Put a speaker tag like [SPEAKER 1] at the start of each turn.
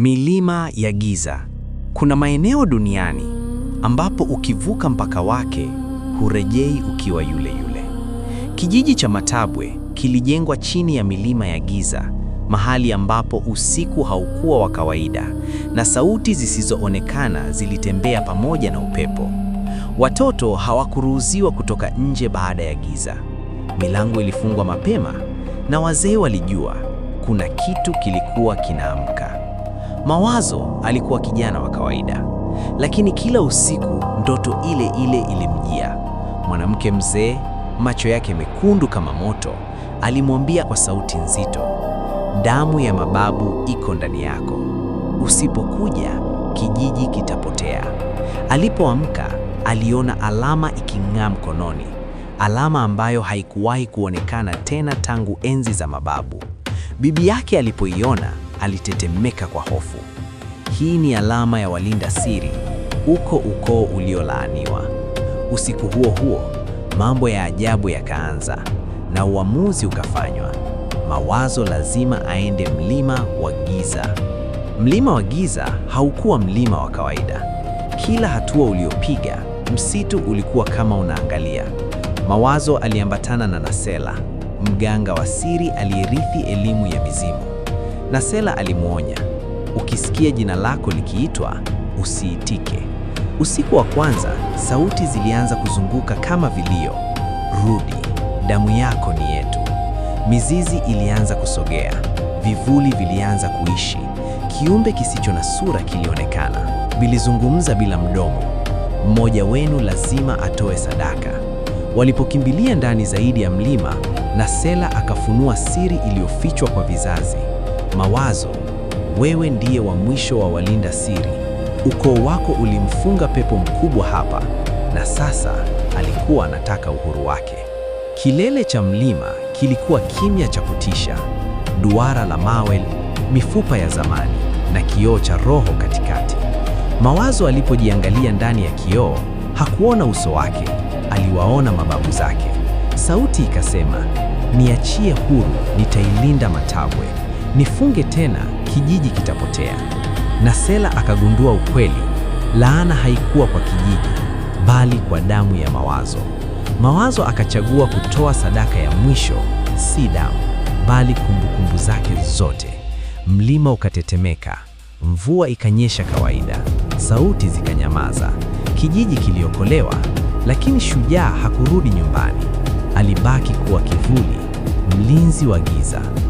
[SPEAKER 1] Milima ya giza. Kuna maeneo duniani ambapo ukivuka mpaka wake hurejei ukiwa yule yule. Kijiji cha Matabwe kilijengwa chini ya milima ya giza, mahali ambapo usiku haukuwa wa kawaida na sauti zisizoonekana zilitembea pamoja na upepo. Watoto hawakuruhusiwa kutoka nje baada ya giza. Milango ilifungwa mapema na wazee walijua kuna kitu kilikuwa kinaamka. Mawazo alikuwa kijana wa kawaida, lakini kila usiku ndoto ile ile ilimjia. Mwanamke mzee, macho yake mekundu kama moto, alimwambia kwa sauti nzito, damu ya mababu iko ndani yako, usipokuja kijiji kitapotea. Alipoamka aliona alama iking'aa mkononi, alama ambayo haikuwahi kuonekana tena tangu enzi za mababu. Bibi yake alipoiona alitetemeka kwa hofu. Hii ni alama ya walinda siri, uko ukoo uliolaaniwa. Usiku huo huo, mambo ya ajabu yakaanza na uamuzi ukafanywa. Mawazo lazima aende mlima wa giza. Mlima wa giza haukuwa mlima wa kawaida. Kila hatua uliopiga, msitu ulikuwa kama unaangalia. Mawazo aliambatana na Nasela, mganga wa siri aliyerithi elimu ya mizimu na Sela alimwonya, ukisikia jina lako likiitwa usiitike. Usiku wa kwanza sauti zilianza kuzunguka kama vilio, rudi, damu yako ni yetu. Mizizi ilianza kusogea, vivuli vilianza kuishi, kiumbe kisicho na sura kilionekana, vilizungumza bila mdomo, mmoja wenu lazima atoe sadaka. Walipokimbilia ndani zaidi ya mlima, na Sela akafunua siri iliyofichwa kwa vizazi. Mawazo, wewe ndiye wa mwisho wa walinda siri. Ukoo wako ulimfunga pepo mkubwa hapa, na sasa alikuwa anataka uhuru wake. Kilele cha mlima kilikuwa kimya cha kutisha, duara la mawe, mifupa ya zamani na kioo cha roho katikati. Mawazo alipojiangalia ndani ya kioo, hakuona uso wake, aliwaona mababu zake. Sauti ikasema, niachie huru, nitailinda Matabwe nifunge tena, kijiji kitapotea. Na Sela akagundua ukweli, laana haikuwa kwa kijiji, bali kwa damu ya Mawazo. Mawazo akachagua kutoa sadaka ya mwisho, si damu, bali kumbukumbu zake zote. Mlima ukatetemeka, mvua ikanyesha kawaida, sauti zikanyamaza. Kijiji kiliokolewa, lakini shujaa hakurudi nyumbani. Alibaki kuwa kivuli, mlinzi wa giza.